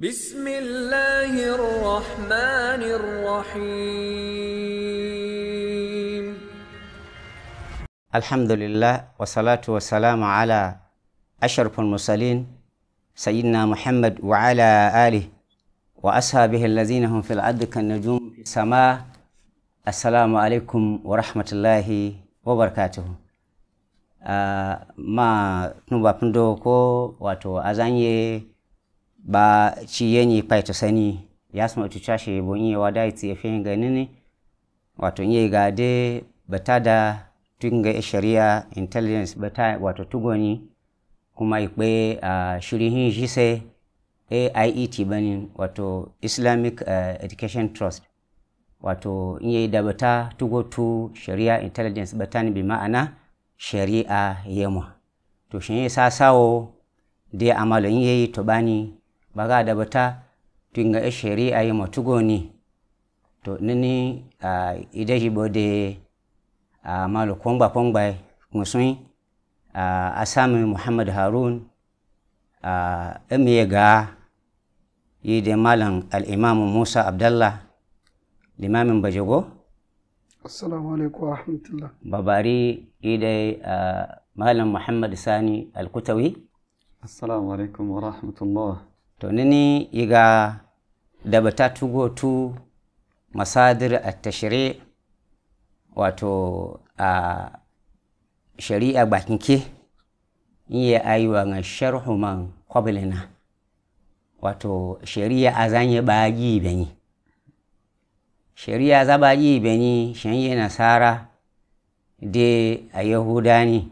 بسم الله الرحمن الرحيم الحمد لله والصلاة والسلام على أشرف المرسلين سيدنا محمد وعلى آله وأصحابه الذين هم في الأرض كالنجوم في السماء السلام عليكم ورحمة الله وبركاته آه، ما نبا بندوكو واتو أزانيه ba ci pai ta sani ya yasma tuchashe yi wadai ti efenga nini wato nye gade da tunga e sharia intelligence bata wato tugoni kuma ikpe uh, shirihin jise AIET bani wato Islamic uh, Education Trust wato yi da bata tugo tu sharia intelligence ni bi ma'ana shari'a yema to shi sawo dai amalin yayi to bani baga da bata tuinga e sheria yimo tugoni to nini uh, ide hibo de uh, malo kwongba kwongba ngusui e, uh, asami muhammad harun uh, emiye ga yide malam al musa abdallah limamin bajogo assalamu alaikum wa rahmatullah babari ide uh, malam muhammad sani alkutawi. kutawi assalamu alaikum wa rahmatullah to nini iga tugo tu masadir at-tashri' wato a shari'a bakinke iya ayuwa ga sharhu man qablina wato shari'a azanye baji benyi shari'a za baji benyi shanye nasara de a ne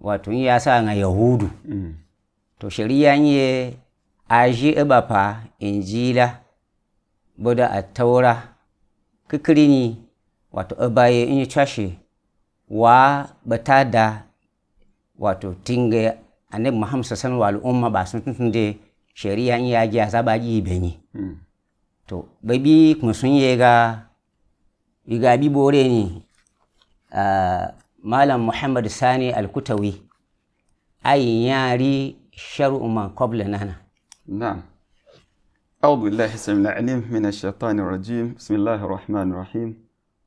wato ya sa yahudu mm. to shari'a nye aji bapa e injila boda Kikiri kikirini wato abaye e inyi e chwashi wa da wato tinge annabi muhammad sassan wa al'umma ba sun tuntun da shari'a in yaji a saba ji benyi hmm. to babi kuma sun yi ga igabi bore ni malam muhammad sani alkutawi ayin yari sharu'u man qabla nana نعم أعوذ بالله السميع العليم من الشيطان الرجيم بسم الله الرحمن الرحيم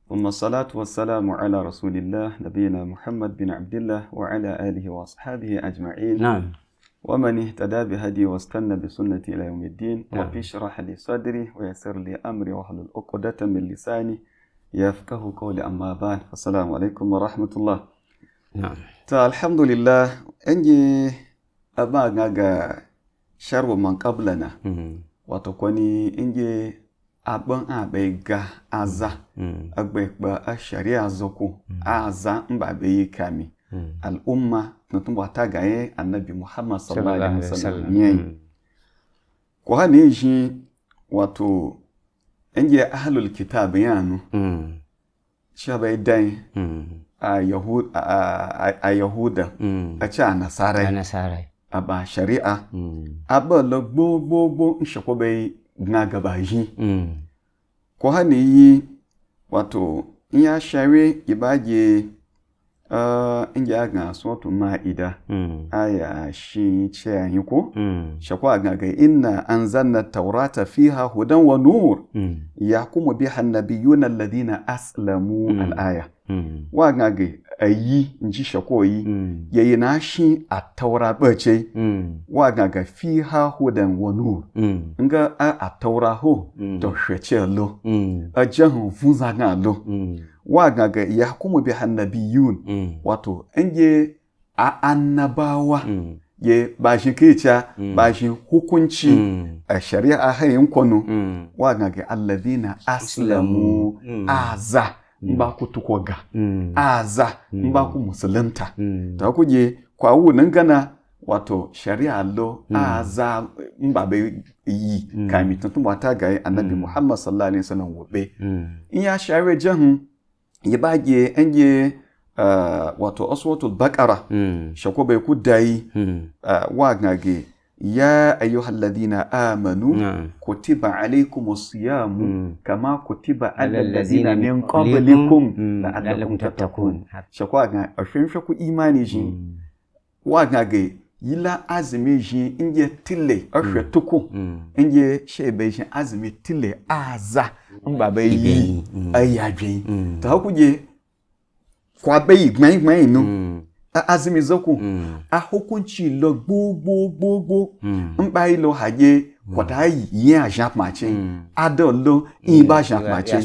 ثم الصلاة والسلام على رسول الله نبينا محمد بن عبد الله وعلى آله وأصحابه أجمعين نعم ومن اهتدى بهدي واستنى بسنة إلى يوم الدين نعم. رب اشرح لي صدري ويسر لي أمري واحلل عقدة من لساني يفقه قولي أما بعد السلام عليكم ورحمة الله نعم الحمد لله أني أبا sharwa man qablana hmm. wato kwani inge abin abai ga aza hmm. hmm. agba kpa a shari'a zoku aza mba bai yi kami al'umma tuntun wata gaye annabi muhammad sallallahu alaihi wasallam yayi ko hane shi wato inge ahlul kitab yanu shabai dai a yahuda a ci a nasarai aba shari'a hmm. aba lo gbogbogbo nshakwaba na gaba yi hmm. ko ha na yi wato in ya share ibaje in eh, ya ga sotu ma'ida hmm. aya shi ce yi ko shakwa ga ga inna an zanna taurata fiha hudan wa nur ya kuma biha annabiyuna alladhina aslamu al'aya wa hmm. waga ge ayi nji shako yi mm. ya yi na shi a taura bace mm. ga fi ha hudan wani hmm. nga a a taura ho hmm. to shwece lo a jahan funza ga lo wa ga ya kuma bi hannabiyun wato an ye a annabawa ye ba shi kica ba shi hukunci a shari'a hayin kwano waga ga allazina aslamu aza m mm. b'a ku tukɔga mm. aza n mm. b'a ku musulunta ta ku je kwa wu ni gana wato shari'a lo aza n ba yi ka mi tuntun bɔ ta ga eh, annabi muhammad sallallahu alaihi wasallam wobe. be in ya shari'a jahun ya ba je an eh, je wato aswatul baqara shako bai ku dayi eh, wa gage ya ayu amanu ku tiba alaikun musu ya hmm. kama ku tiba alalladhi na min kwabalikun na alalun tattakun shakwa ga a shirin shakwa imani shi hmm. wa ga yi la azumi shi inye tile a shi hmm. tuku inye shebe shi azumi tile a za n ba bai yi ayyajin ta hukuje kwabai gbanyi gbanyi nu azimizoku ahụkwu nchilo gbogbogbogbo mkpa ilo ha ye kwada yi azhakmachi mm. adolo iba azhakmachi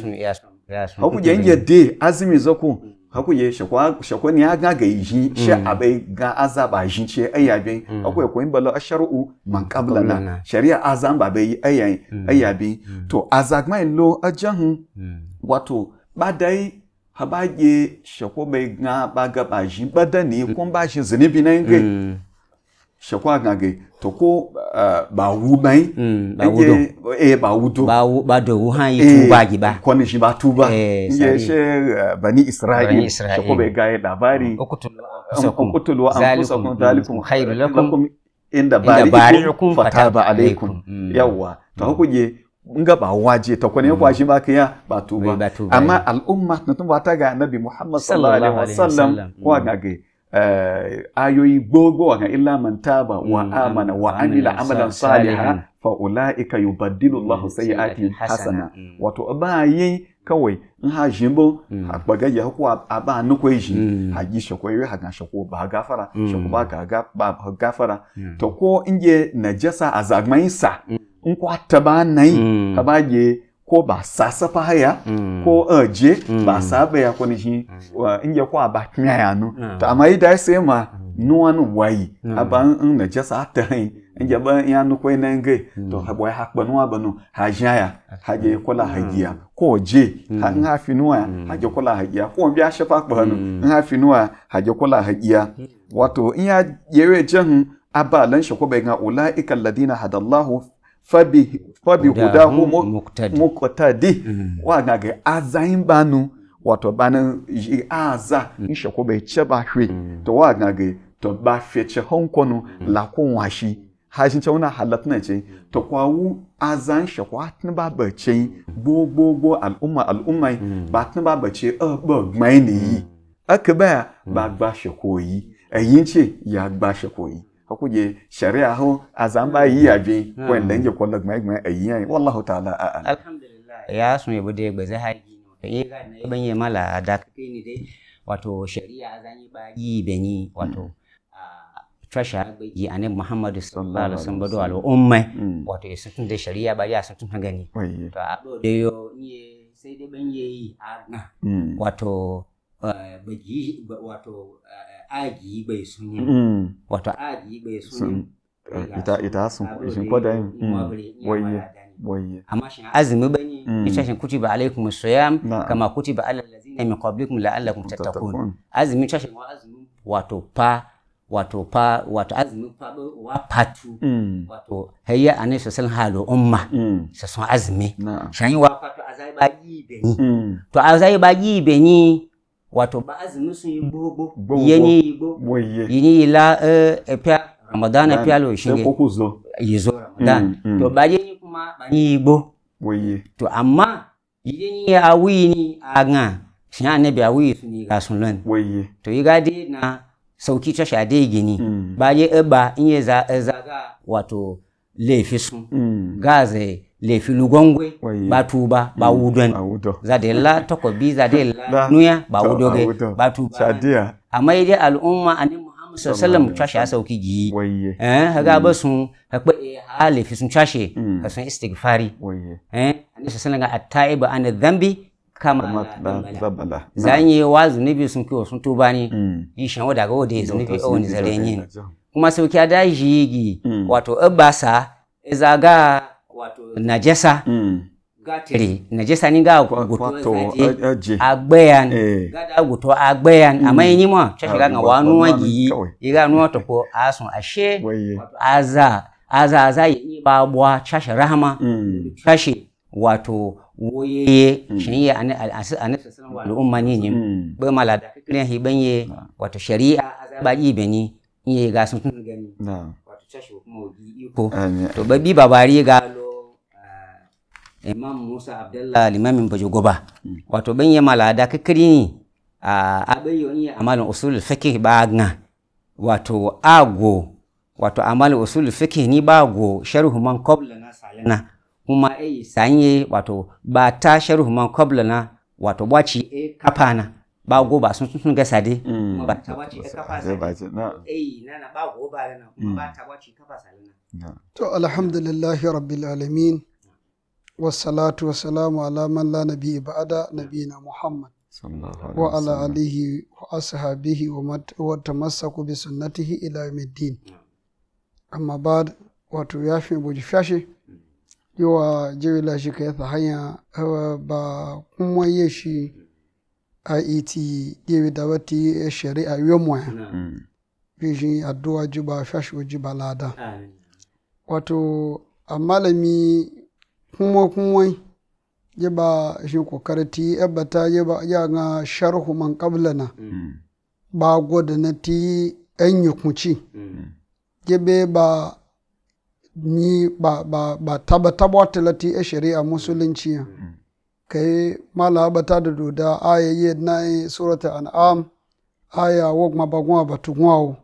ọkwụje nje de azimizoku hakuye shakwa ne ya gaga mm. mm. yi shi abai ga azaba ajin ce ayyabi akwai koyin balo asharu man qabla na shari'a azan ba bai ayyabi to azagma lo ajahu wato badai habaje shakwa bai ga ba gaba shi bada ne kun ba shi zunubi na yin gai eh. shakwa ga gai to ko eh, ba wu bai ba hmm, do eh ba do ba wu ba do wu han yi eh, tuba gi ba kwani shi ba tuba ya she bani isra'il shakwa bai ga labari ukutulu anfusakum zalikum khairul lakum inda bari'ukum fataba alaikum hmm. yawa to je nga ba waje ta kwane mm. ba shi baka ya ba tuba amma eh. al'umma na ba ta ga annabi Muhammad sallallahu alaihi wasallam ko mm. ga ga eh, ayoyi gogo ga illa man taba wa mm, amana wa amila amalan salihan fa ulaika yubaddilu allah sayyi'atihim hasana wato bayi kawai in ha jin bo mm. ha gbaga ya ko a ba ni ko ji ha ji shako yi ha gan shako ba gafara mm. shako ba ga ba gafara mm. to ko in ye najasa a zagmai sa in kwa ta ba yi ka ba ye ko ba sa safa haya ko aje ba saba ya ko ni shi in ye ko ba knya ya no to amma ya sai ma nuwan wayi ba in najasa ta hanyi nje be ya nukwe ne nge to hmm. ha boy ha kpanu abanu ha jaya ha je hmm. kola ha giya hmm. ko je ha nga finuwa ha je kola ha giya ko bi a shefa kpanu ha finuwa ha je kola ha giya wato in ya yewe jan aba lan shi ko bai ga ulaika alladina hadallahu fabi fabi hudahu muqtadi wa ga ga azain banu wato banin yi aza in shako bai ce ba hwe to wa ga ga to ba fece hankonu lakon washi hashin cewa halatna ce ta kwawu azan shi kwatin ba bace gbogbogbo al'umma al'umma hmm. ba tin ba bace a eh, ba gbai ne yi hmm. aka baya hmm. ba gba shi koyi ayin ce ya gba shi koyi hakuje shari'a a zan ba yi ya bi wanda yake kwalla gbai yi ayin wallahu ta'ala a'a alhamdulillah ya sun yabo da ya zai haji ne ga ne ban yi mala da kai ne dai wato shari'a zan yi ba yi beni wato fasha yi nan Muhammadu sallallahu alaihi wasallam do al umma wato ya sun da shari'a bari a sun tun gani to a do de yo sai dai ban yi arna mm. wato eh, bagi eh, mm. wato agi bai sun yi wato agi bai sun yi ita ita sun ko da yin. Mm. waye amma shin azumi bane ita ba kutiba alaikum siyam kama kutiba alal ladzina min qablikum la'allakum tattakun azumi ta wa azumi wato fa wato fa wato azumin wa patu mm. wato hayya a nesa san halo umma mm. sa san azumi shan wa fato a zai bagi beni mm. to a zai bagi beni wato ba azumi sun yi gbogbo yeni la e, e yini ila epia ramadan epia lo yi zo ramadan to ba yi kuma ba ni igbo to amma yini awi ni aga ne bi awi sun yi sun lan to yi gadi na sauki ta shade gini ba je ba in ya za eh, mm. ga wato lefi su gaze lefi lugongwe ba tuba ba mm. wudon za da la takobi za da la nuya ba ga ba tuba amma dai al'umma anin sallam chashe a sauki gi eh ga mm. ba sun hakpa eh, halifi sun chashe ka sun istighfari eh annabi sallallahu alaihi wasallam at an dhanbi kama babba mm. yi wa zunubi sun kiwo sun tuba ni yi shan wada ga wada zunubi wani ni yin kuma sauki ada jigi mm. wato abasa zaga wato najasa mm. gatiri najasa ni ga goto e- agbeyan eh. gada goto agbeyan amma yin mo chashi ga ah, wa nuwa gi ga nuwa to ko a sun ashe aza aza aza yi ba bwa chashi rahama chashi wato woyeye hmm. shari'a annabi sallallahu hmm. ne wasallam nyinyi be malada kiran hibanye hmm. wato shari'a azabaji in yi ga sun tun gani wato tashi kuma wogi iko to ba bi babari ga eh, imam musa abdullahi limamin goba wato banye malada kiri ne a abayo iye amalin usul fiqh ba gna wato ago wato amalin usul fiqh ni ba go sharhu man qabla na salina kuma e sanye wato ba ta sharhu man kobla na wato bwaci e kafa na ba go ba sun sun ga sade mm. ba ta bwaci e, e kafa sade ba eh na na ba go ba na kuma mm. ba ta bwaci e kafa sade na to alhamdulillahi rabbil alamin wassalatu wassalamu ala man la nabiyyi ba'da nabina muhammad wa ala alihi wa ashabihi wa tamassaku bi sunnatihi ila yawmiddin amma ba wato ya fi buji fashe yiwa jirila shi ka yasa hanya ba kuma ye shi a e iti dewi da wati shari'a yomo ya mm. bishin addu'a ba shashi ba lada wato a malami kuma kuma ba shi kokarti ebata jiba ya ga sharhu man na mm. Mm. ba gwada na ti yan yukunci jibe ba ni ba ba ba taba tabata lati a shari'a musulunci kai mala bata da doda aya yi na surata an'am aya wog mabagwa batugwao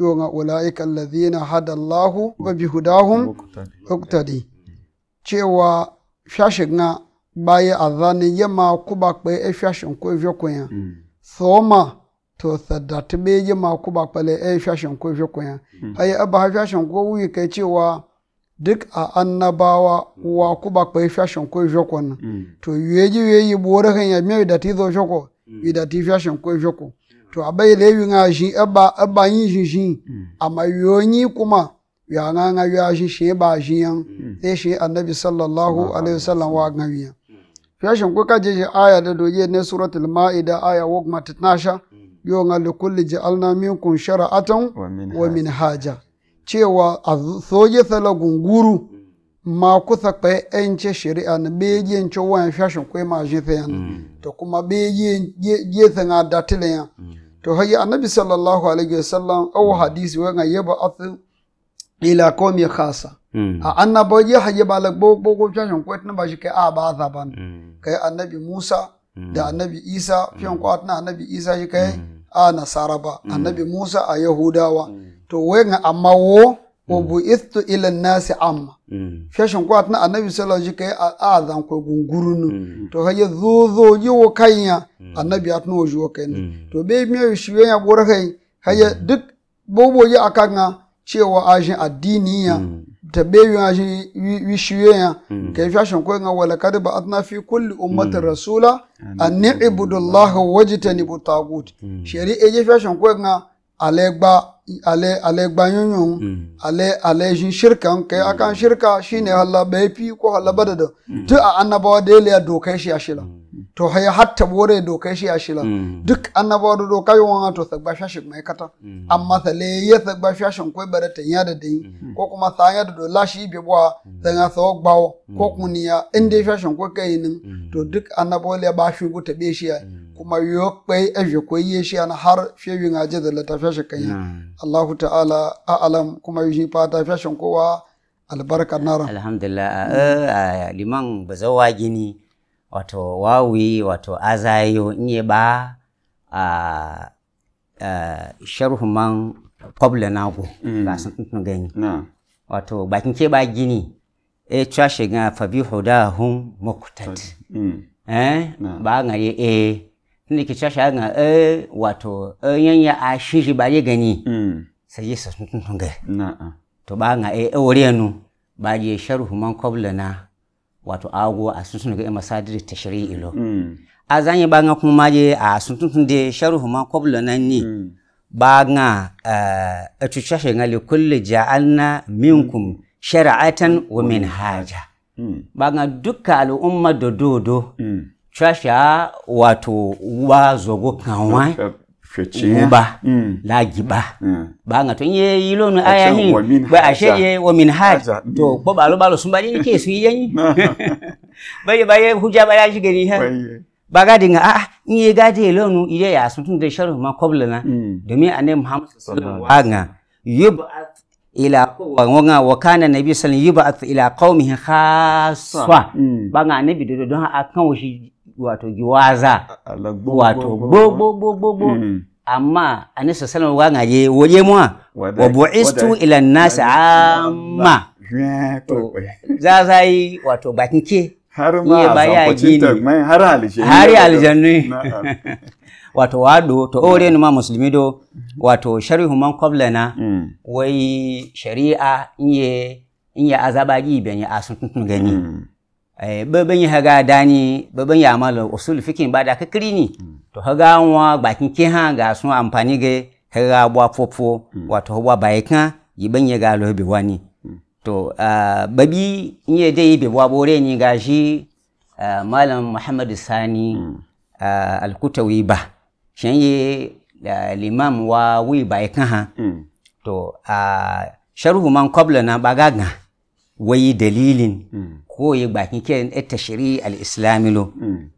yonga ulaika alladhina hada Allahu bi hudahun uqtadi cewa shashin na baya azani yama kuba kwaye a e shashin ko vyokoya thoma to sadda tabe yama kuba kpale e shashin ko vyokoya hmm. ayi aba shashin ko wuyi kai cewa duk a annabawa wa kuba kwe fashion kwe joko na mm. to yeji yeji bore kan ya me mm. da tizo joko yi da ti fashion kwe joko to abai lewi nga shi eba eba yin shi shi mm. amma yoni kuma ya nga nga ya shi shi ba shi yan mm. sai shi annabi sallallahu alaihi wasallam wa ga wiya fashion kwe ka je shi aya da doje ne suratul maida aya wa 19 yo nga likulli ja'alna minkum shara'atan wa minhaja cewa a soje sala gunguru ma kusa kpe ence shari'a na beji ence wan shashin kai ma jefe yan mm. to kuma beji jefe a datile yan mm. to hayi annabi sallallahu alaihi wasallam aw mm. hadisi wa nga yaba asu ila komi khasa a annabo je hayi balak bo bo ko shashin kai tun ba shi kai a ba za ban kai annabi Musa da annabi Isa fiyan kwatna annabi Isa shi kai a nasara ba annabi Musa a Yahudawa to wenga amma wo bu istu ila nasi amma fashion ko atna annabi sallallahu alaihi wasallam kai azan ko gungurunu to haye zozo ji wo kanya annabi atna wo jo kanya to be mi shi ya gora kai haye duk bobo ji akanga cewa ajin addini ya ta be yi ajin wishiye ya kai fashion ko nga wala kad ba atna fi kulli ummatin rasula an ni'budu wajtanibu tagut shari'a ji fashion ko nga alegba ale ale mm. ale ale shirkan kai akan mm. shirka shine mm. halla bai fi ko halla dada duk a annabawa da ya dokai shi a shila to hay hatta bore do kai shi ashila mm. duk annaba do do kai wa to sagba shashin mai kata mm. amma sale ya sagba shashin koi barata ya da dai mm. ko kuma sa ya da do lashi bi bwa dan a so gbawo ko kuniya in dai shashin koi kai nin to duk annaba le ba shi guta be shi kuma yo kai aje koi ye shi an har shewi aje da la tafashin kai Allahu ta'ala a'lam kuma yi fata fashin kowa albarkar nara alhamdulillah eh, eh, liman bazawa gini wato wawi wato azayo nye ba a sharhu man kwabla nago ba mm. sun tuntun gani wato bakin ke ba gini e cewa shiga fabi huda hun mm. eh ba ngare e ni ke cewa ga e wato e, ya a shiji ba gani mm. sai yi sun tuntun gani to ba nga e wore nu. ba je sharhu man kwabla na wato ago a sun ga masadir tashri ilo mm. a zanyi ba nga kuma maje a sun tun de sharhu ma qabla nan ni mm. ba nga eh, a tushashe nga li kulli ja'alna minkum mm. shara'atan wa haja. ba nga dukkan al'umma dododo trasha wato wa zogo kanwa kuba mm. lagiba mm. banga to ye yilo no aya hin ba ashe ye wa min mm. to bo balo balo sumba ni ke su yen baye baye huja ba ya shige ni ha ba ga dinga ah in ye ga de lo no ide ya sun tun ma qabla na domin annabi muhammad sallallahu alaihi wasallam yub'at ila wa wanga wa kana nabi sallallahu alaihi wasallam yub'at ila qaumihi khassa ba ga annabi do don akan shi wato giwaza wato gbogbogbogbo mm. amma anisa salama wa ngaje waje mu wa bu'istu ila nasa amma to za yi wato bakin ke har ma ba ya gini har aljannu har aljannu wato wado to ore ma musulmi do mhm. wato sharihu man na. Mm. wai shari'a inye inye azaba gi ben ya asun gani mm. Eh, bẹ́ẹ̀ yi haga dani bẹ́ẹ̀ yi amalo usul fikin ba da kakiri ni to haga wa bakin ke ha ga sun amfani ga haga wa fofo hmm. wato bwa bai kan yi ban ya ga lobe ni hmm. to ah, babi in ya dai be bwa bore ni ga shi ah, malam muhammadu Sani hmm. ah, alkutawi ba shan ye limam wa wi bai kan ha to sharhu man kwabla na ba bagaga wai dalilin koye bakin ken ita shari'a al-islami lo mm.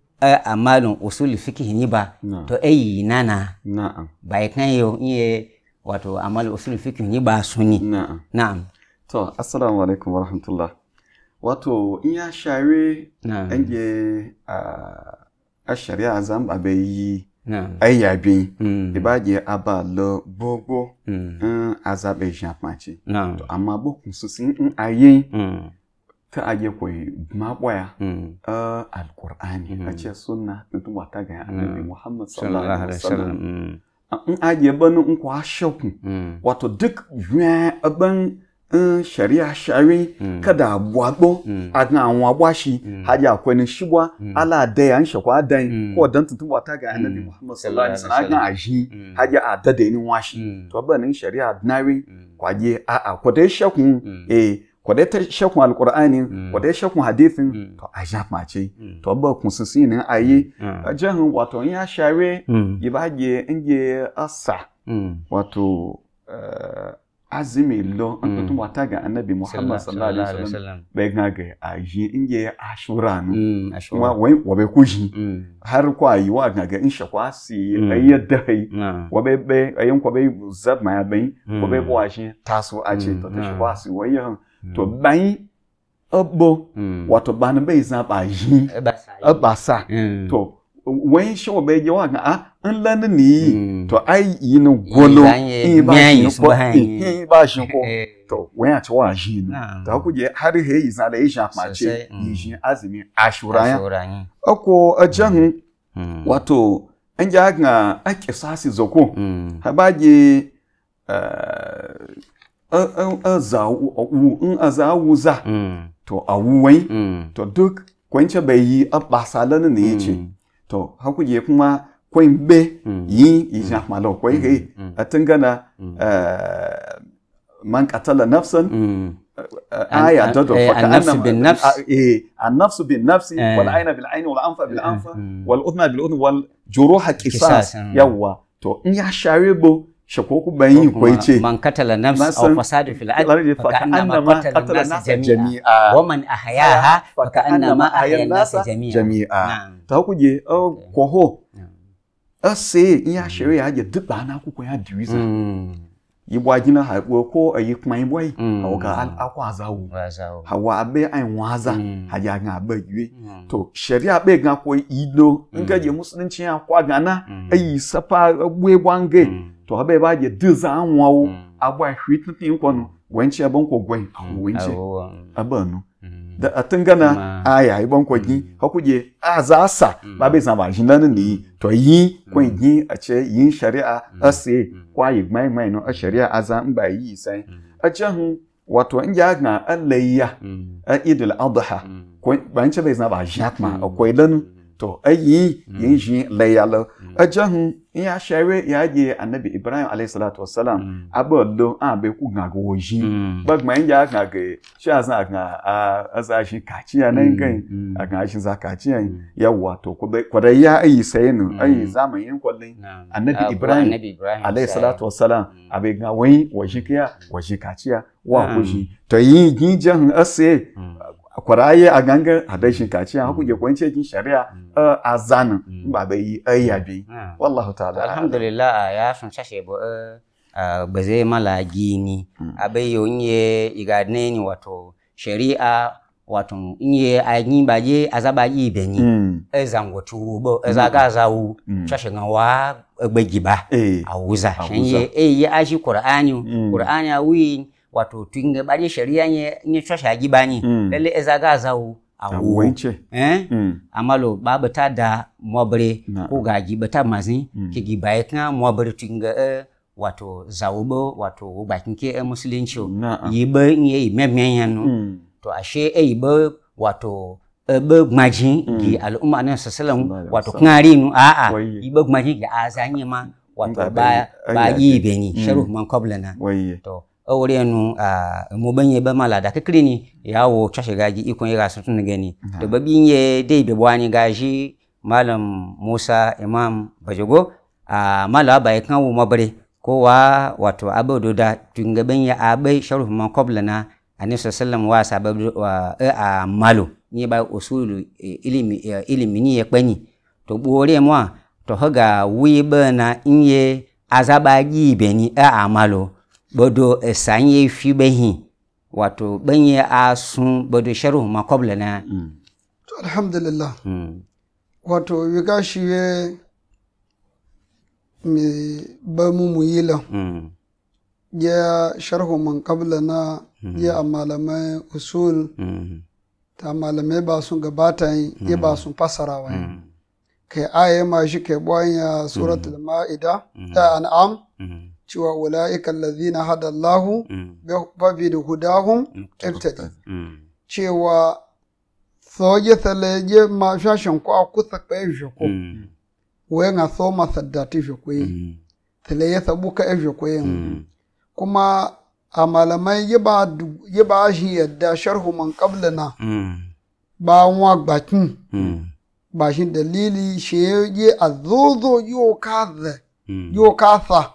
amalin usul fikihi ni ba to e na na bai kan yo iye wato amal usul fikihi ni ba sunni na na'am to assalamu aleykum wa rahmatullah wato in ya share ange a shari'a zam bɛ yi a yi mm. i b'a ayyabi ibaje aba lo gbogbo mm. azabe japan ci to amma bokun su a ye. ta age koy ma koya hmm. a alqur'ani a hmm. ce sunna da tun wata ga hmm. annabi muhammad sallallahu alaihi wasallam in age ban in kwa shakku wato duk ban eh, sharia shari kada abuagbo agan awon agbashi haji akwai ni shigwa ala da ya shakwa dan ko dan tun wata ga annabi muhammad sallallahu alaihi wasallam agan aji haji adade ni washi to ban sharia nari kwaje a a ko shakku eh kwadai ta shakun alkur'ani mm. kwadai shakun hadithin mm. to mm. a ja mace to ba kun sun sin nan ayi jan wato ya b'a ge inge asa wato eh, azumi lo an tutun wata ga annabi muhammad sallallahu alaihi wasallam bai ga ga aji inge ashura nu kuma wai wa bai kuji har kwa yi wa ga ga in shakwa si da yi. wa bai bai ayin ko bai zab ma ya bai wa bai a shi taso aje to ta shi si to bai abo hmm. wato bani bai zaba yi abasa hmm. to wen shi wa bai yawa ga a in lani yi hmm. to ai yi ni golo in ba shi ko in ba shi ko to wen a ci wa yi ni ta je har he yi zala yi shafa ce yi shi azumi ashura ako a jan wato an ja ga ake kisasi zoko ha ba je in a za wuza mm. to a wuwai mm. to duk kwanci bai yi a lana ne ya ce mm. to haku je kuma kwan be yi yi ja malo kwai kai a tungana eh, man katala nafsan آية تدعو النفس بالنفس النفس بالنفس والعين بالعين والأنف بالأنف والأذن بالأذن والجروح قصاص يوا تو إن shakoku bayin kwaice man katala nafs aw fasadu fil ardi fa ka'annama qatala nasa jami'a wa man ahyaha fa ka'annama ahya nasa jami'a ta kuje oh, kwaho ase iya hmm. shere ya je duba na akwụkwọ ya diriza hmm. yibwa gina ha ko ko ayi kuma yibwa yi aw hmm. ga al akwa zawu ha wa be ai waza ha ya ga be yue to sharia be ga ko ido nga je musulunci akwa gana ayi safa gwe gwange to abe ba de duza anwawo agba mm. hwi tutin kwanu wenchi abon ko gwen mm. wenchi abanu mm. da atun gana aya ibon ko gi hakuje aza asa ba be san ba jinan ni to yi ko gi a che yin shari'a ase kwa yi mai mai no shari'a aza mba ba yi sai a che hu wato in ya ga alayya a idul adha ko ban che bai san ba ma ko idan to ayi mm. yin jin layalo ajahu in ya share mm. ya je annabi ibrahim alayhi salatu wassalam mm. aboddo an be ku gan go yin bagma in ya gan ge sha san gan a asa shi kaci ya nan gan a gan shi za kaci ya yawa to ko da ya ayi sai no ayi zamanin kullun annabi ibrahim alayhi salatu wassalam abe gan wani washi kiya washi kaciya wa kushi to yi jin jan ase kwaraye a ganga a bai shi kaciya haku mm. ke kwanci yakin shari'a mm. eh, a zanin mm. ba bai yi ayya bi wallahu ta'ala alhamdulillah ya sun shashe bo eh, ba zai mala gini a bai yi onye igadne ni wato shari'a wato nye anyi ba a zaba yi benyi a zangotu bo a zaga zawu shashe nga wa gbegiba awuza shenye e ye ashi qur'ani qur'ani awi wato twinge ɓaɗi sharia ba nye lalle ajibanyi mm. lele ezagaza a awu eh ba ba ta da mobre ko gaji bata mazin Ki gi baye kan mobre twinge ga wato zawubo wato bakinke ke eh, musulunci Yi yi nye memeyanu mm. to ashe eh, ba wato ebe gmaji mm. gi al'umma nan sasalan wato kngari nu a a ibe gmaji gi azanye ma wato ba ba yi beni mm. sharu man na to awori enu a mo benye ba mala da kekre ni ya wo chashe gagi ikon ya gasu tun gani to ba binye dai be bwani gaji malam Musa Imam Bajogo a mala ba kan wo mabare ko wa wato abu tun gaban ya abai sharhu man qabla na annabi sallam wa a malo ni ba usulu ilimi ilimi ni ya kpani to bore mo to haga wi ba na inye azaba gi a malo bodo san fi bahi wato banye a sun bodo sharu makobla kobla na hmm. to alhamdulillah hmm. wato yi gashi ye mai ba mu mu yi la hmm. ya sharhu man kabla na ya a malamai usul ta malamai ba sun gabata ya ba sun fasarawa kai aya ma shi kai bayan ya suratul ma'ida ta an'am cewa ula'ika allazina hada Allahu mm. da hudahun ibtadi mm. cewa soje saleje ma shashin ko akusa kai mm. na so soma saddati shoko sabu sabuka e shoko kuma a malamai yi ba shi yadda sharhu man na. ba wa gbakin ba shi dalili shi yi a zozo yi o kasa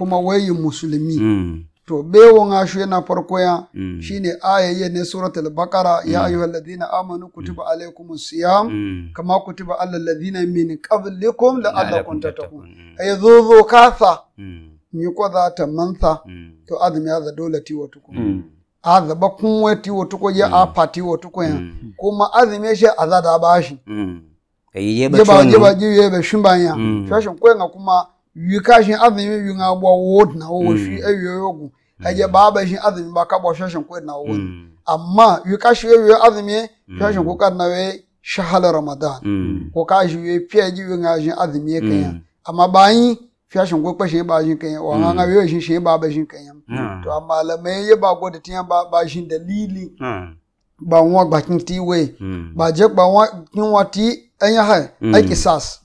kuma wayin musulmi mm. to bewon ashu yana farko ya mm. shine ayayye ne suratul baqara ya mm. ayyuhal ladina amanu kutiba alaykumus siyam kama kutiba alal ladina min qablikum la'allakum tattaqun ay zuzu kasa ni kwaza ta mantha to azmi hadha ti wa tukum azaba kun wati wa tuko ya a pati tuko ya kuma azmi shi azada bashi ye ba ye ba ye ba shin banya shashin koyan kuma wikashin azumi wi nga bo wod na wo shi ayo mm. e yogu aje mm. baba shi azumi ba ka bo shashin ko na wo mm. amma wikashi wi azumi shashin ko kan na we shahal ramadan ko ka shi wi pye ji wi nga shi azumi kan amma bayin shashin ko kwashin ba shi kan wa nga wi shi shi ba ba shi kan ah. to amma lamai ya ba go da tiyan ba ba shi dalili ah. ba won gbakin ti we ba je gba won kin wa ti an ya hai a kisas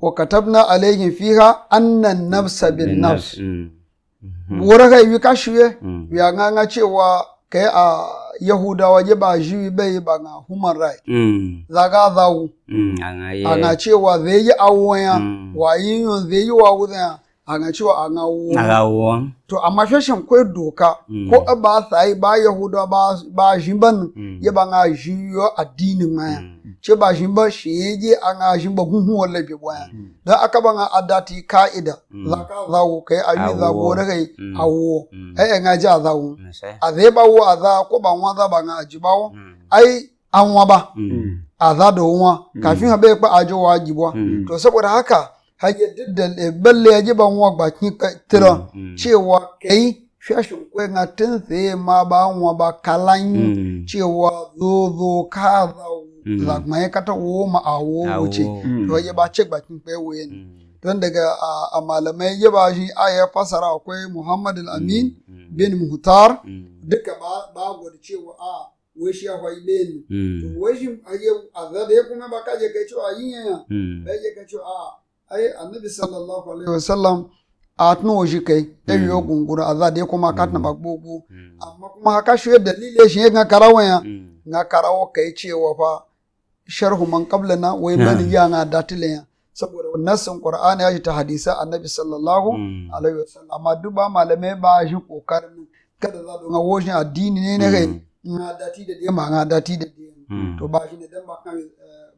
wa katabna alayhim fiha anna nafsa bin nafs wora ga yi kashiye ya nganga cewa kai a yahudawa ji ba ji bai ba na human right ga zawu a na cewa zai yi awon ya wa yin zai yi wa wuzan anga cewa a ngawo anga wo to amma fashion kwai doka mm. ko ba sai ba yahuda ba ba jimban mm. ya ba nga jiyo addinin ma mm. ce ba jimba shi yege anga jimba gunhu wala bi ya da aka ba nga adati kaida ka zawo kai yi zawo da kai awo eh nga a zawo a zai ba wo za ko ba wa za ba nga ajibawo ai an wa ba za da wa kafin ha bai a ajo wa jibwa to saboda haka da e, balle ya ji ban wa gbakin tiran mm, mm. cewa kai shashin kwai na tun sai ma ba wa ba kalan mm. cewa zo zo ka za ma ya kata wo ma a wo wuce to ya ba ce gbakin kwai wo don daga a malamai ya ba shi aya fasara akwai muhammad al-amin bin muhtar duka ba gwada cewa a weshi ya hwai beni to weshi a zada ya kuma ba kaje kai cewa yin yaya ya kai cewa a ai annabi sallallahu alaihi sallam a tun oji kai ɗan hmm. o gungura a za kuma ka kuma katina hmm. magbogu hmm. amma kuma haka shi yadda lile shi ya ga karawa ya na karawa kai cewa fa sharhu man qablana wa bani ya na datilin ya saboda nassin qur'ani ya shi ta hadisa annabi sallallahu alaihi sallam amma duk ba malamai ba shi kokarin kada za don wajin addini ne na kai na dati da dai ma na dati da dai to ba shi ne dan ba kan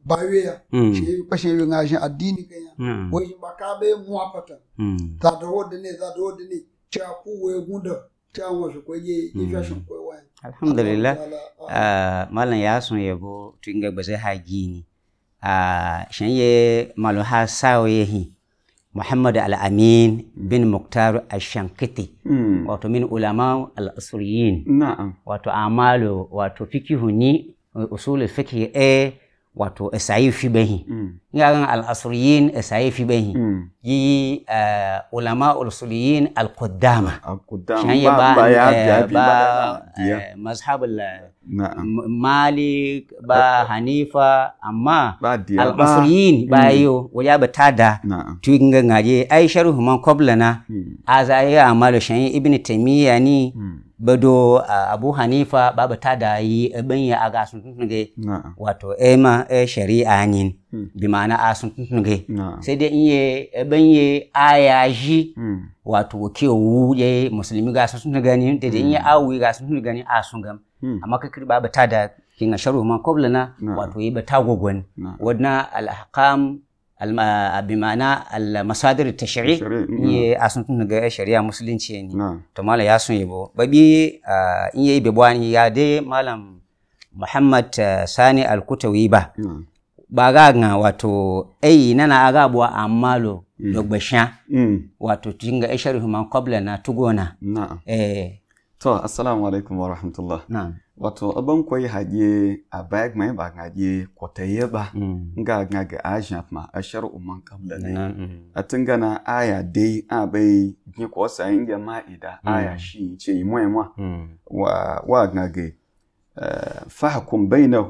baweya hmm. shi kashin shewi ngaji addini kenya woji makabe muwapata ta da wodde ne ta da wodde ne ta ku we gunda ta wasu ko je je hmm. fashion ko alhamdulillah ah, malan ya sun yabo tinga zai hagi gini a ah, shanye malu ha sawo yehi محمد الأمين بن مختار الشنقيطي واتو من علماء الأصوليين نعم واتو أعماله واتو فكهني أصول الفقه إيه wato esayi fi bahi mm. y'a al al'asuriyin esayi fi bahi mm. yi eh, ulama usuliyin al-qaddama shan ya ba ba malik ba eh, eh. hanifa amma al'asuriyin asriyin ba mm. yo waya ba ta da ga ngaje ai sharuhu man qablana azai amalu shan ibn taimiyya ni bado uh, abu hanifa baba yi ebin ya aga sun tuntunge nah. wato ema eh e eh shari'a nyin hmm. bi ma'ana a sun tuntunge sai dai in ye ebin eh, ye ayaji hmm. wato ke wu musulmi ga sun tuntunge ni da in ye hmm. awi ga sun tuntunge ni a sun gam hmm. amma kakir baba tada kinga sharu ma qablana wato yi ba tagogon wadna al bimana almasadir tashari ye asun tun ga shari'a musulunci ne to Mallam ya sun yabo babi in yayi bebwani ya de malam muhammad sani alkutawi ba ba ga ga wato ai nana aga buwa amalo dogbasha wato ga sharhi man qabla na tugona eh to assalamu alaikum wa rahmatullah na'am wato abin kwai hage a bag mai ba hage kwataye ba mm. nga nga ga ajan ma ashar umman qabla ne mm. a tun gana aya dai a bai yi kwasa yin inga ida mm. aya shi ce yi mu wa wa nga ga eh, bi ma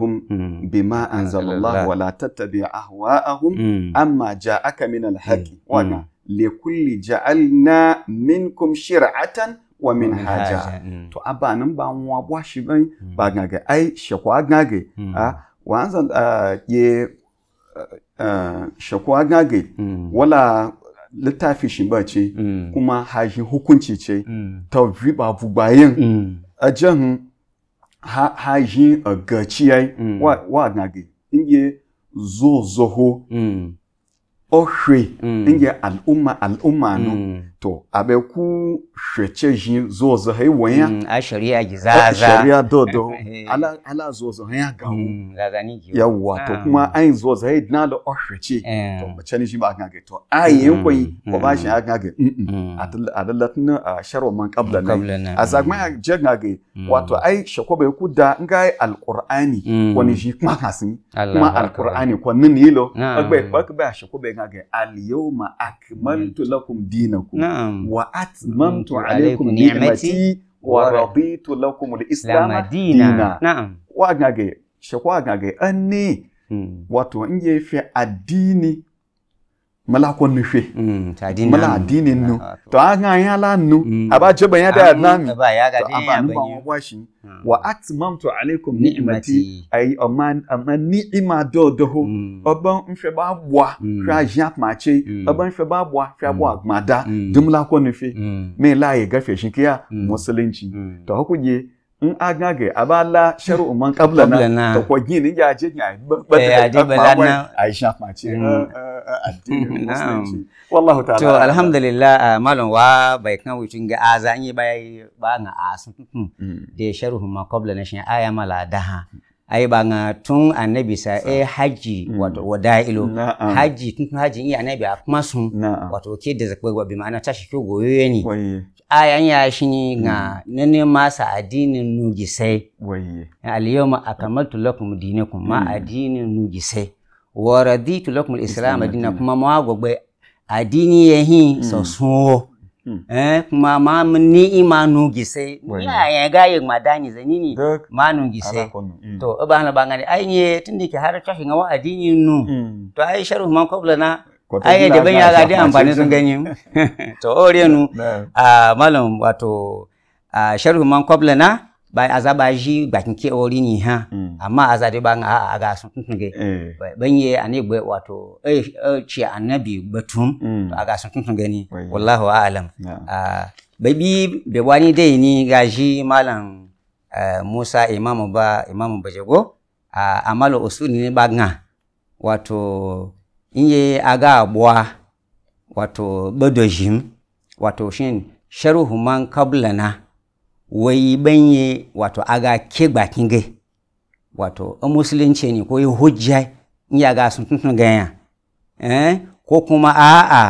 bima zalala wala tattabi ahwa'ahum amma aka min alhaqi Wana li kulli ja'alna minkum shir'atan wa min haja mm. to aba nan ba mu abuwa shi bai ba mm. gaga ai shekwa gaga mm. a wanzan ye shekwa gaga wala littafi shi ba ce kuma haji hukunci ce ta riba bugbayin a jan haji a gaci yi wa gaga inge zo zoho ohre inge al'umma al'umma no to abe ku shece shi zo zo hai wanya mm, a shari'a gizaza shari'a dodo ala ala zo zo hanya gawo mm, zazani ki yawa to ah. kuma ayin zo zo hai dina da o shece eh. to mace ne shi ba kan ga to ayin mm, kwayi ko ba shi mm. kan ga adallatin a sharwa man kabla na a zagma je ga ga wato ai shako bai ku da ngai alqur'ani wani shi kuma kasin kuma alqur'ani ko nin yilo ba ba shako bai ga ga al yawma akmaltu lakum dinakum wa a tɛgɛ ale tun yamɛ ti wa labin tun lanko muru dina wa wa a gange a ni wa tun n ye mala ko nufe mm, mala adini nu ah, ah, to an ga ya la nu mm. aba je ban ya da na mi ba ya ga din ya ban wa shi ah. wa atmamtu alaikum ni'mati ay aman aman ni'ima do do ho mm. oban nfe ba bwa fra ja ma che oban nfe ba bwa fra bwa gmada dum la ko nufe me la ye gafe shin kiya musulunci to hakuje in aga ga abala sharu man qabla na ta ko gini ya je ya ba da ba Aisha mace addini musulunci wallahu ta'ala to alhamdulillah eh, malam wa bai kan wucin ga aza an yi bai ba na asu mm. da sharu man qabla na shi aya mala daha ai ba na tun annabi sa e haji mm. wato wada'ilo haji tun haji iya annabi a kuma sun wato ke da zakwai wa bi ma'ana tashi ki goyoye ne ayan ya shini hmm. nga nene masa adini nugisai waye aliyoma akamaltu lakum dinakum ma hmm. adini nugisai wa raditu lakum al-islam adina kuma ma gogbe adini yehi hmm. so so. eh kuma ma ni imanu gise ya ya ga ye madani ni manu gise to ba na bangane ai ne tunda ke har tashi ga wa adini nu to ai sharu man qabla na ai da ban ga dai amfani sun ganye to nu a malam wato a sharhu man na. ba azaba ji bakin ke ori ni ha mm. amma azade ba a ga sun tunge eh. ban ye ane gbe wato eh, eh, ce annabi batum mm. to ga sun tunge ni wallahu a'lam bi be wani dai ni gaji malam Musa imamu ba imamu bajago a amalo usuli ne ba nga wato inye aga abuwa wato badojim wato shin sharuhu man kablana wai banye wato aga ke gbakin gai wato an e musulunci ne ko yi e hujja in ya ga sun tuntun ganya eh ko kuma a'a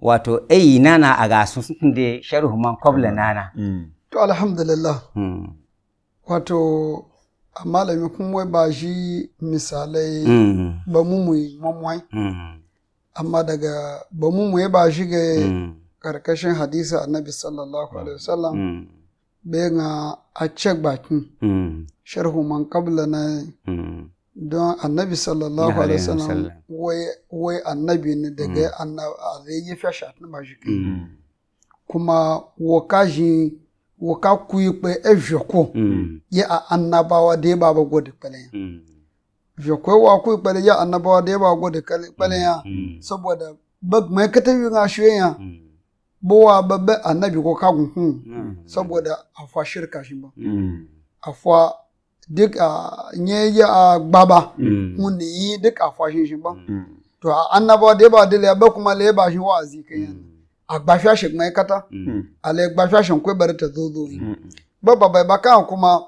wato ayi e nana a ga sun tuntun da sharuhu man kablana na. Mm. to alhamdulillah hmm. wato amma lami kuma ba shi misalai mm. ba mu mu mamuwai mm. amma daga ba mu mu ba shi ga mm. karkashin hadisi annabi sallallahu alaihi wasallam bai ga a cek bakin sharhu man kabla na don annabi sallallahu alaihi wasallam wai annabi ne daga annabi a zai yi fashe ba shi kuma wakajin ka kuyi kpe e vyoko hmm. ye a annabawa da ba ba gode kpalen ya hmm. vyoko wa yi kpele ya annabawa da ba gode kpalen ya hmm. saboda ba mai kata yi nga shi ya bowa ba ba annabi ko ka gun saboda afa shirka shi ba afa duk a nye ya a gbaba mun ne yi duk afa shi shi ba to annabawa da ba dole ba kuma le ba shi wa kai yana a gba ma'aikata mai kata ale gba bari ta zo zo ba bai baka kuma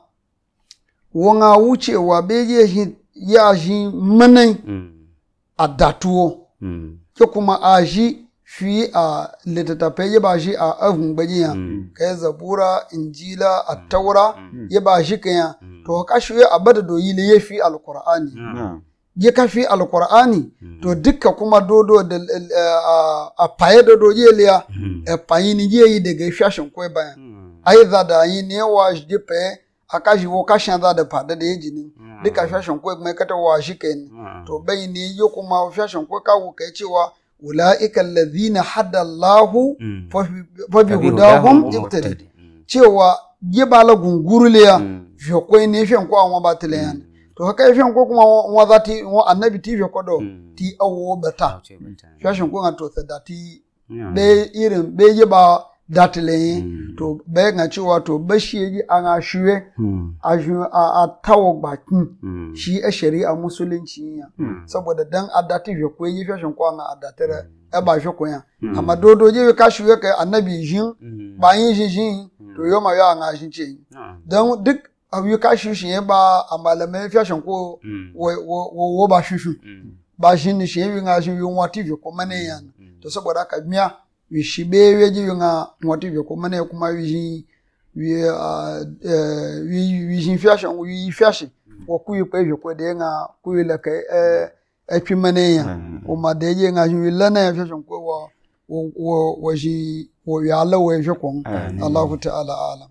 wanga wucewa be yi shi ya shi manai a datuwo ki kuma a shi fi a littattafai ya ba shi a ahun bajiya ka yi zabura injila a taura hmm. hmm. ya ba shi kanya to ka shi abada doyi ne ya fi alkur'ani hmm. ya kafi alkur'ani to hmm. duka kuma dodo da a paye dodo yeliya hmm. e ni yeyi de ga shashin ko bayan hmm. aiza da yi ne wa shi a kashi wo kashin za da fada da yaji ne duka shashin ko mai kata wa shi ka yi to bai ne yi kuma shashin ko kawo yi cewa ulaika hada lahu fafi guda hudahum ibtadi cewa yi bala gungurliya shi ko ne shan ko ba tilayan to haka ifin ko kuma wa za ti wa annabi tive kwado hmm. ti awo bata shashin ko to da ti be irin be yi ba yi hmm. to be ga cewa to be shi yi an hmm. a shiwe a tawo bakin shi a shari'a musulunci ya saboda dan dati je ko yi shashin ko an datira e ba shi ko amma dodo je ka shiwe kai annabi jin ba yin jin to yoma ya an a shi ce ah. dan duk abu ka shushin ya ba a malamai fashion ko wo ba shushu ba shi ni shi yin ashin yin wati fi kuma ne yan to saboda ka miya wi shi be we ji yin wati fi kuma ne kuma wi shi wi wi shi wi fashion ko ku yi mm. pe ko de nga ku yi la ka e pi mane yan o ma de ji nga shi wi la na fashion ko wo wo wo mm. shi ya lawa ya yafi kun Allahu ta'ala ala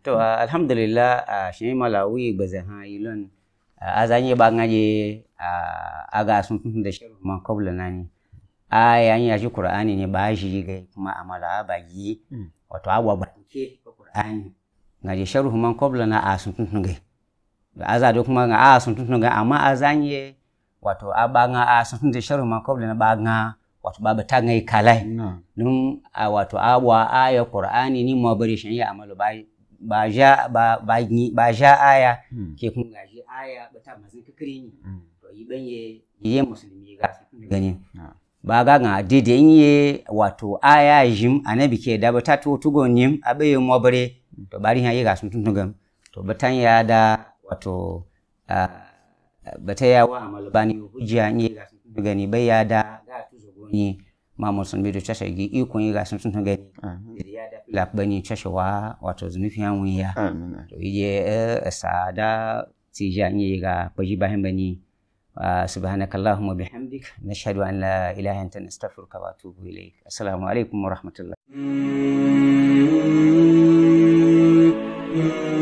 to alhamdulillah a shi malawi bazan hailon azanye bangaje ga sun da shirin man qabla nani yayin ya shi qur'ani ne ba shi ga kuma amala ba gi mm. wato abuwa ba ke qur'ani ngaje sharhu man qabla na asun tun ga aza do kuma ga asun tun ga amma azanye wato a abanga asun tun da sharhu man qabla na banga wato baba ta ngai kalai a wato abuwa aya qur'ani ni mo bari shin ya amalu ba ba ja ba ba ba ja aya hmm. ke kun gaji aya ba ta mazin kikiri ni hmm. to yi ban ye ye musulmi ga gani ba ga ga in ye wato aya jim anabi ke da ba ta to tugo nim abe mo bare hmm. to bari ha yi ga sun tun gam to batan ya da wato bata yawa amalu bani hujja ni ga sun gani bai ya da ni ma musun bi da chasha gi iko yi ga sun sun ga la bani chasha wa wato zunufi an wiya to ije eh, sada tijani ga paji bahin bani سبحانك اللهم وبحمدك نشهد أن لا إله أنت نستغفرك واتوب إليك السلام عليكم ورحمة الله